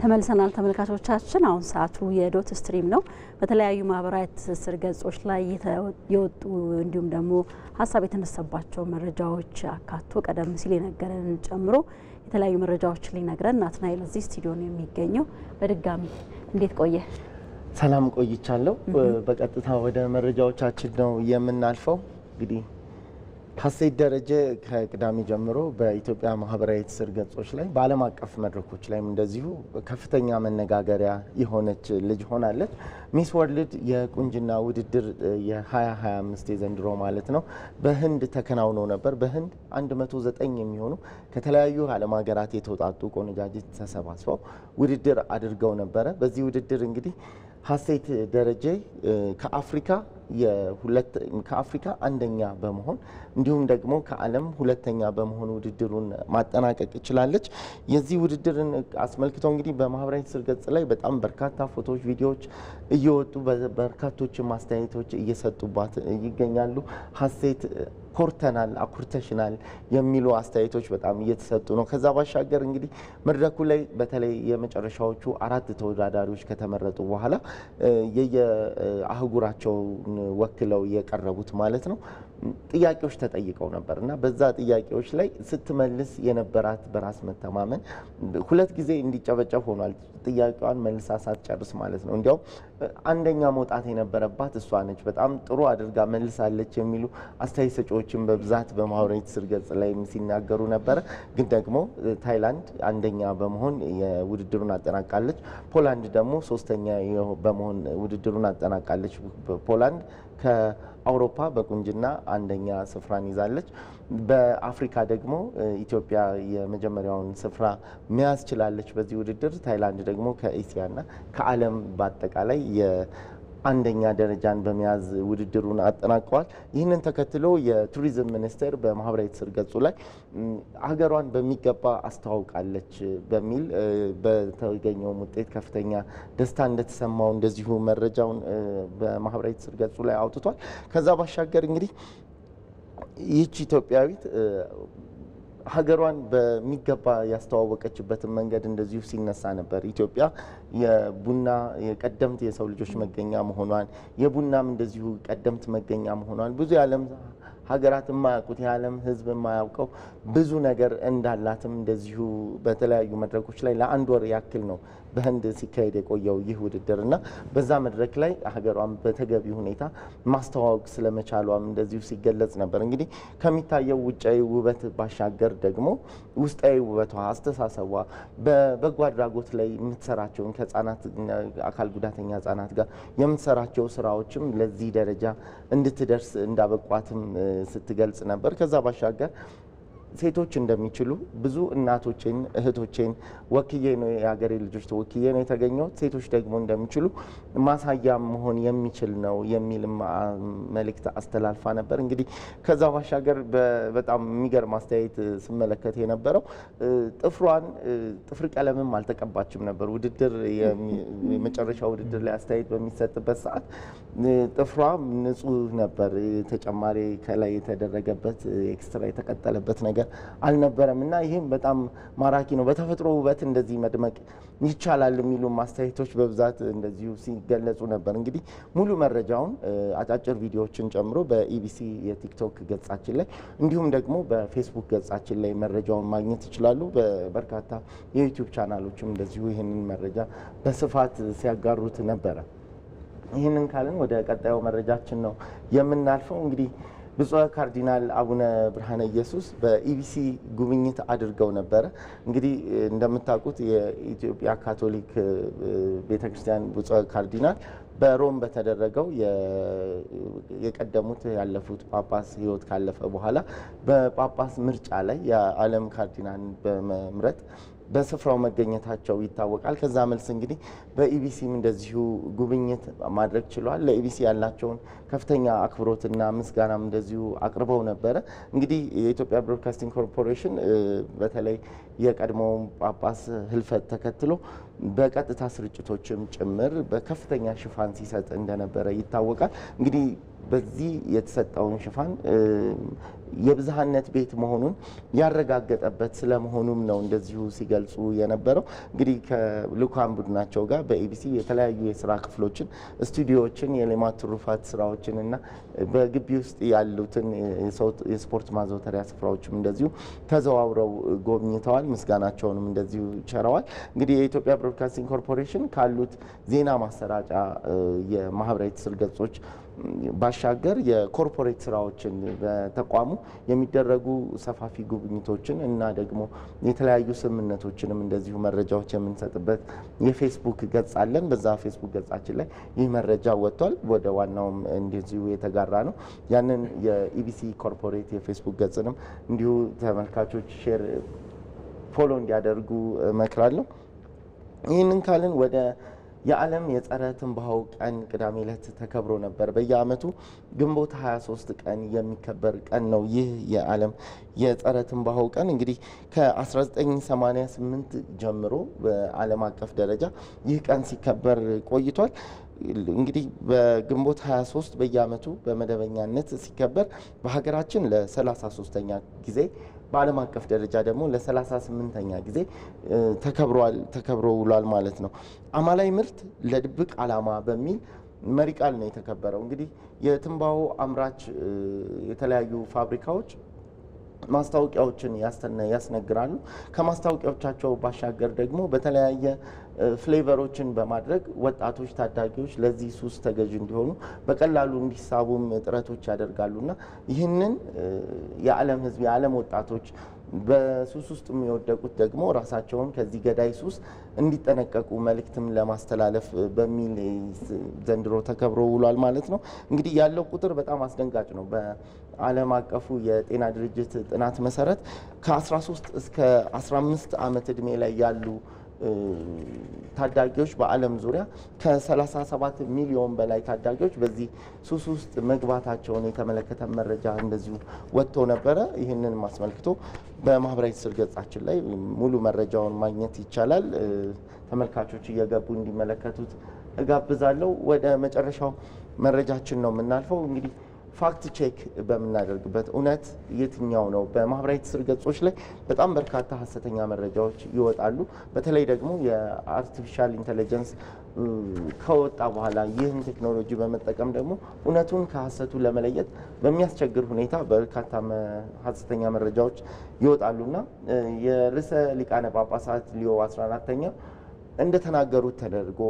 ተመልሰናል ተመልካቾቻችን። አሁን ሰዓቱ የዶት ስትሪም ነው። በተለያዩ ማህበራዊ ትስስር ገጾች ላይ የወጡ እንዲሁም ደግሞ ሀሳብ የተነሳባቸው መረጃዎች አካቶ ቀደም ሲል የነገረን ጨምሮ የተለያዩ መረጃዎችን ሊነግረን ናትናኤል እዚህ ስቱዲዮ ነው የሚገኘው። በድጋሚ እንዴት ቆየ? ሰላም ቆይቻለሁ። በቀጥታ ወደ መረጃዎቻችን ነው የምናልፈው እንግዲህ ሀሴት ደረጀ ከቅዳሜ ጀምሮ በኢትዮጵያ ማህበራዊ ትስስር ገጾች ላይ በዓለም አቀፍ መድረኮች ላይም እንደዚሁ ከፍተኛ መነጋገሪያ የሆነች ልጅ ሆናለች። ሚስ ወርልድ የቁንጅና ውድድር የ2025 የዘንድሮ ማለት ነው በህንድ ተከናውኖ ነበር። በህንድ 109 የሚሆኑ ከተለያዩ ዓለም ሀገራት የተውጣጡ ቆነጃጅት ተሰባስበው ውድድር አድርገው ነበረ። በዚህ ውድድር እንግዲህ ሀሴት ደረጀ ከአፍሪካ ከአፍሪካ አንደኛ በመሆን እንዲሁም ደግሞ ከዓለም ሁለተኛ በመሆን ውድድሩን ማጠናቀቅ ይችላለች። የዚህ ውድድርን አስመልክቶ እንግዲህ በማህበራዊ ስር ገጽ ላይ በጣም በርካታ ፎቶዎች፣ ቪዲዮዎች እየወጡ በርካቶች ማስተያየቶች እየሰጡባት ይገኛሉ። ሀሴት ኮርተናል፣ አኩርተሽናል የሚሉ አስተያየቶች በጣም እየተሰጡ ነው። ከዛ ባሻገር እንግዲህ መድረኩ ላይ በተለይ የመጨረሻዎቹ አራት ተወዳዳሪዎች ከተመረጡ በኋላ የየአህጉራቸውን ወክለው የቀረቡት ማለት ነው። ጥያቄዎች ተጠይቀው ነበር እና በዛ ጥያቄዎች ላይ ስትመልስ የነበራት በራስ መተማመን ሁለት ጊዜ እንዲጨበጨብ ሆኗል። ጥያቄዋን መልሳ ሳትጨርስ ማለት ነው። እንዲያውም አንደኛ መውጣት የነበረባት እሷ ነች፣ በጣም ጥሩ አድርጋ መልሳለች የሚሉ አስተያየት ሰጪዎችን በብዛት በማህበራዊ ትስስር ገጽ ላይ ሲናገሩ ነበረ። ግን ደግሞ ታይላንድ አንደኛ በመሆን የውድድሩን አጠናቃለች። ፖላንድ ደግሞ ሶስተኛ በመሆን ውድድሩን አጠናቃለች። ፖላንድ ከ አውሮፓ በቁንጅና አንደኛ ስፍራን ይዛለች። በአፍሪካ ደግሞ ኢትዮጵያ የመጀመሪያውን ስፍራ መያዝ ችላለች በዚህ ውድድር። ታይላንድ ደግሞ ከኤሲያና ከዓለም በአጠቃላይ አንደኛ ደረጃን በመያዝ ውድድሩን አጠናቀዋል። ይህንን ተከትሎ የቱሪዝም ሚኒስቴር በማህበራዊ ትስስር ገጹ ላይ ሀገሯን በሚገባ አስተዋውቃለች በሚል በተገኘውም ውጤት ከፍተኛ ደስታ እንደተሰማው እንደዚሁ መረጃውን በማህበራዊ ትስስር ገጹ ላይ አውጥቷል። ከዛ ባሻገር እንግዲህ ይህች ኢትዮጵያዊት ሀገሯን በሚገባ ያስተዋወቀችበትን መንገድ እንደዚሁ ሲነሳ ነበር። ኢትዮጵያ የቡና የቀደምት የሰው ልጆች መገኛ መሆኗን የቡናም እንደዚሁ ቀደምት መገኛ መሆኗን ብዙ የዓለም ሀገራት የማያውቁት የዓለም ሕዝብ የማያውቀው ብዙ ነገር እንዳላትም እንደዚሁ በተለያዩ መድረኮች ላይ ለአንድ ወር ያክል ነው በህንድ ሲካሄድ የቆየው ይህ ውድድር እና በዛ መድረክ ላይ ሀገሯን በተገቢ ሁኔታ ማስተዋወቅ ስለመቻሏም እንደዚሁ ሲገለጽ ነበር። እንግዲህ ከሚታየው ውጫዊ ውበት ባሻገር ደግሞ ውስጣዊ ውበቷ፣ አስተሳሰቧ፣ በበጎ አድራጎት ላይ የምትሰራቸውን ከህጻናት አካል ጉዳተኛ ህጻናት ጋር የምትሰራቸው ስራዎችም ለዚህ ደረጃ እንድትደርስ እንዳበቋትም ስትገልጽ ነበር። ከዛ ባሻገር ሴቶች እንደሚችሉ ብዙ እናቶችን እህቶችን ወክዬ ነው የሀገሬ ልጆች ወክዬ ነው የተገኘሁት። ሴቶች ደግሞ እንደሚችሉ ማሳያ መሆን የሚችል ነው የሚል መልእክት አስተላልፋ ነበር። እንግዲህ ከዛ ባሻገር በጣም የሚገርም አስተያየት ስመለከት የነበረው ጥፍሯን ጥፍር ቀለምም አልተቀባችም ነበር። ውድድር የመጨረሻ ውድድር ላይ አስተያየት በሚሰጥበት ሰዓት ጥፍሯ ንጹህ ነበር። ተጨማሪ ከላይ የተደረገበት ኤክስትራ የተቀጠለበት ነገር ነገር አልነበረም እና ይህም በጣም ማራኪ ነው። በተፈጥሮ ውበት እንደዚህ መድመቅ ይቻላል የሚሉ ማስተያየቶች በብዛት እንደዚሁ ሲገለጹ ነበር። እንግዲህ ሙሉ መረጃውን አጫጭር ቪዲዮዎችን ጨምሮ በኢቢሲ የቲክቶክ ገጻችን ላይ እንዲሁም ደግሞ በፌስቡክ ገጻችን ላይ መረጃውን ማግኘት ይችላሉ። በበርካታ የዩቲዩብ ቻናሎችም እንደዚሁ ይህንን መረጃ በስፋት ሲያጋሩት ነበረ። ይህንን ካልን ወደ ቀጣዩ መረጃችን ነው የምናልፈው እንግዲህ ብፁዕ ካርዲናል አቡነ ብርሃነ ኢየሱስ በኢቢሲ ጉብኝት አድርገው ነበረ። እንግዲህ እንደምታውቁት የኢትዮጵያ ካቶሊክ ቤተክርስቲያን ብፁዕ ካርዲናል በሮም በተደረገው የቀደሙት ያለፉት ጳጳስ ህይወት ካለፈ በኋላ በጳጳስ ምርጫ ላይ የዓለም ካርዲናል በመምረጥ በስፍራው መገኘታቸው ይታወቃል። ከዛ መልስ እንግዲህ በኢቢሲም እንደዚሁ ጉብኝት ማድረግ ችሏል። ለኢቢሲ ያላቸውን ከፍተኛ አክብሮትና ምስጋናም እንደዚሁ አቅርበው ነበረ። እንግዲህ የኢትዮጵያ ብሮድካስቲንግ ኮርፖሬሽን በተለይ የቀድሞውን ጳጳስ ህልፈት ተከትሎ በቀጥታ ስርጭቶችም ጭምር በከፍተኛ ሽፋን ሲሰጥ እንደነበረ ይታወቃል። እንግዲህ በዚህ የተሰጠውን ሽፋን የብዝሃነት ቤት መሆኑን ያረጋገጠበት ስለመሆኑም ነው እንደዚሁ ሲገልጹ የነበረው። እንግዲህ ከልኳን ቡድናቸው ጋር በኢቢሲ የተለያዩ የስራ ክፍሎችን፣ ስቱዲዮዎችን፣ የሌማት ትሩፋት ስራዎችን እና በግቢ ውስጥ ያሉትን የስፖርት ማዘውተሪያ ስፍራዎችም እንደዚሁ ተዘዋውረው ጎብኝተዋል። ምስጋናቸውንም እንደዚሁ ቸረዋል። እንግዲህ የኢትዮጵያ ብሮድካስቲንግ ኮርፖሬሽን ካሉት ዜና ማሰራጫ የማህበራዊ ትስስር ገጾች ባሻገር የኮርፖሬት ስራዎችን በተቋሙ የሚደረጉ ሰፋፊ ጉብኝቶችን እና ደግሞ የተለያዩ ስምምነቶችንም እንደዚሁ መረጃዎች የምንሰጥበት የፌስቡክ ገጽ አለን። በዛ ፌስቡክ ገጻችን ላይ ይህ መረጃ ወጥቷል። ወደ ዋናውም እንደዚሁ የተጋራ ነው። ያንን የኢቢሲ ኮርፖሬት የፌስቡክ ገጽንም እንዲሁ ተመልካቾች ሼር፣ ፎሎ እንዲያደርጉ እመክራለሁ። ይህንን ካልን ወደ የዓለም የጸረ ትንባሆው ቀን ቅዳሜ ዕለት ተከብሮ ነበር። በየዓመቱ ግንቦት 23 ቀን የሚከበር ቀን ነው። ይህ የዓለም የጸረ ትንባሆው ቀን እንግዲህ ከ1988 ጀምሮ በዓለም አቀፍ ደረጃ ይህ ቀን ሲከበር ቆይቷል። እንግዲህ በግንቦት 23 በየአመቱ በመደበኛነት ሲከበር በሀገራችን ለ33ኛ ጊዜ በዓለም አቀፍ ደረጃ ደግሞ ለ38ኛ ጊዜ ተከብሮ ውሏል ማለት ነው። አማላይ ምርት ለድብቅ ዓላማ በሚል መሪ ቃል ነው የተከበረው። እንግዲህ የትንባሆ አምራች የተለያዩ ፋብሪካዎች ማስታወቂያዎችን ያስነግራሉ። ከማስታወቂያዎቻቸው ባሻገር ደግሞ በተለያየ ፍሌቨሮችን በማድረግ ወጣቶች ታዳጊዎች ለዚህ ሱስ ተገዥ እንዲሆኑ በቀላሉ እንዲሳቡም ጥረቶች ያደርጋሉና ይህንን የዓለም ሕዝብ የዓለም ወጣቶች በሱስ ውስጥ የሚወደቁት ደግሞ ራሳቸውን ከዚህ ገዳይ ሱስ እንዲጠነቀቁ መልእክትም ለማስተላለፍ በሚል ዘንድሮ ተከብሮ ውሏል ማለት ነው። እንግዲህ ያለው ቁጥር በጣም አስደንጋጭ ነው። በዓለም አቀፉ የጤና ድርጅት ጥናት መሰረት ከ13 እስከ 15 ዓመት ዕድሜ ላይ ያሉ ታዳጊዎች በዓለም ዙሪያ ከ37 ሚሊዮን በላይ ታዳጊዎች በዚህ ሱስ ውስጥ መግባታቸውን የተመለከተ መረጃ እንደዚሁ ወጥቶ ነበረ። ይህንን አስመልክቶ በማህበራዊ ትስስር ገጻችን ላይ ሙሉ መረጃውን ማግኘት ይቻላል። ተመልካቾች እየገቡ እንዲመለከቱት እጋብዛለሁ። ወደ መጨረሻው መረጃችን ነው የምናልፈው እንግዲህ ፋክት ቼክ በምናደርግበት እውነት የትኛው ነው? በማህበራዊ ትስስር ገጾች ላይ በጣም በርካታ ሀሰተኛ መረጃዎች ይወጣሉ። በተለይ ደግሞ የአርቲፊሻል ኢንቴሊጀንስ ከወጣ በኋላ ይህን ቴክኖሎጂ በመጠቀም ደግሞ እውነቱን ከሀሰቱ ለመለየት በሚያስቸግር ሁኔታ በርካታ ሀሰተኛ መረጃዎች ይወጣሉና የርዕሰ ሊቃነ ጳጳሳት ሊዮ 14ተኛ እንደተናገሩት ተደርጎ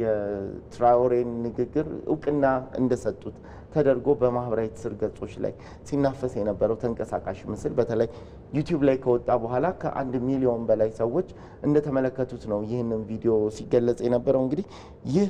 የትራኦሬን ንግግር እውቅና እንደሰጡት ተደርጎ በማህበራዊ ትስስር ገጾች ላይ ሲናፈስ የነበረው ተንቀሳቃሽ ምስል በተለይ ዩቲዩብ ላይ ከወጣ በኋላ ከአንድ ሚሊዮን በላይ ሰዎች እንደተመለከቱት ነው ይህንን ቪዲዮ ሲገለጽ የነበረው። እንግዲህ ይህ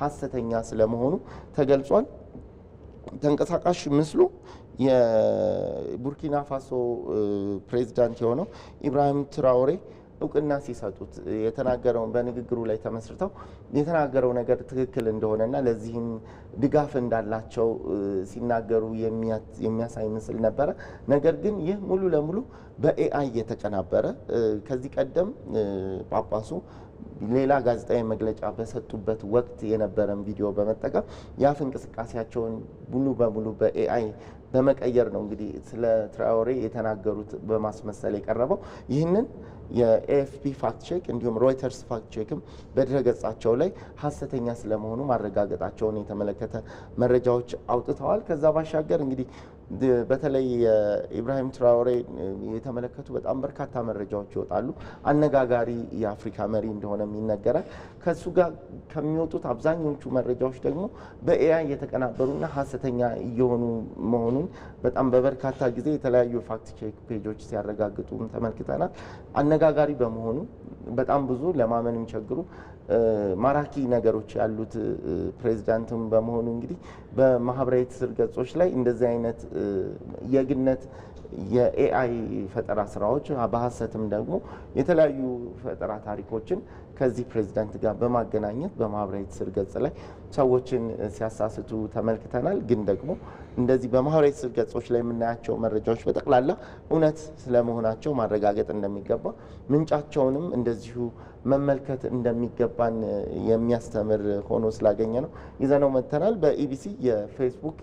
ሀሰተኛ ስለመሆኑ ተገልጿል። ተንቀሳቃሽ ምስሉ የቡርኪና ፋሶ ፕሬዚዳንት የሆነው ኢብራሂም ትራኦሬ እውቅና ሲሰጡት የተናገረውን በንግግሩ ላይ ተመስርተው የተናገረው ነገር ትክክል እንደሆነና ለዚህም ድጋፍ እንዳላቸው ሲናገሩ የሚያሳይ ምስል ነበረ። ነገር ግን ይህ ሙሉ ለሙሉ በኤአይ የተቀናበረ ከዚህ ቀደም ጳጳሱ ሌላ ጋዜጣዊ መግለጫ በሰጡበት ወቅት የነበረን ቪዲዮ በመጠቀም የአፍ እንቅስቃሴያቸውን ሙሉ በሙሉ በኤአይ በመቀየር ነው እንግዲህ ስለ ትራኦሬ የተናገሩት በማስመሰል የቀረበው ይህንን የኤኤፍፒ ፋክት ቼክ እንዲሁም ሮይተርስ ፋክት ቼክም በድረገጻቸው ላይ ሀሰተኛ ስለመሆኑ ማረጋገጣቸውን የተመለከተ መረጃዎች አውጥተዋል። ከዛ ባሻገር እንግዲህ በተለይ የኢብራሂም ትራውሬ የተመለከቱ በጣም በርካታ መረጃዎች ይወጣሉ። አነጋጋሪ የአፍሪካ መሪ እንደሆነም ይነገራል። ከሱ ጋር ከሚወጡት አብዛኞቹ መረጃዎች ደግሞ በኤአይ የተቀናበሩና ሀሰተኛ እየሆኑ መሆኑን በጣም በበርካታ ጊዜ የተለያዩ ፋክት ቼክ ፔጆች ሲያረጋግጡ ተመልክተናል። አነጋጋሪ በመሆኑ በጣም ብዙ ለማመን የሚቸግሩ ማራኪ ነገሮች ያሉት ፕሬዚዳንትም በመሆኑ እንግዲህ በማህበራዊ ትስስር ገጾች ላይ እንደዚህ አይነት የግነት የኤአይ ፈጠራ ስራዎች በሀሰትም ደግሞ የተለያዩ ፈጠራ ታሪኮችን ከዚህ ፕሬዚዳንት ጋር በማገናኘት በማህበራዊ ትስስር ገጽ ላይ ሰዎችን ሲያሳስቱ ተመልክተናል። ግን ደግሞ እንደዚህ በማህበራዊ ትስስር ገጾች ላይ የምናያቸው መረጃዎች በጠቅላላ እውነት ስለመሆናቸው ማረጋገጥ እንደሚገባ ምንጫቸውንም እንደዚሁ መመልከት እንደሚገባን የሚያስተምር ሆኖ ስላገኘ ነው ይዘነው መጥተናል። በኢቢሲ የፌስቡክ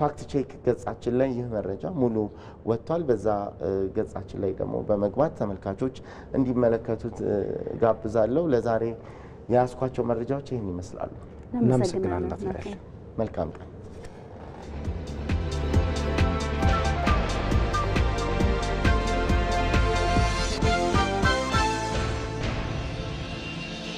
ፋክት ቼክ ገጻችን ላይ ይህ መረጃ ሙሉ ወጥቷል። በዛ ገጻችን ላይ ደግሞ በመግባት ተመልካቾች እንዲመለከቱት ጋብዛለሁ። ለዛሬ የያዝኳቸው መረጃዎች ይህን ይመስላሉ። እናመሰግናለን። መልካም ቀን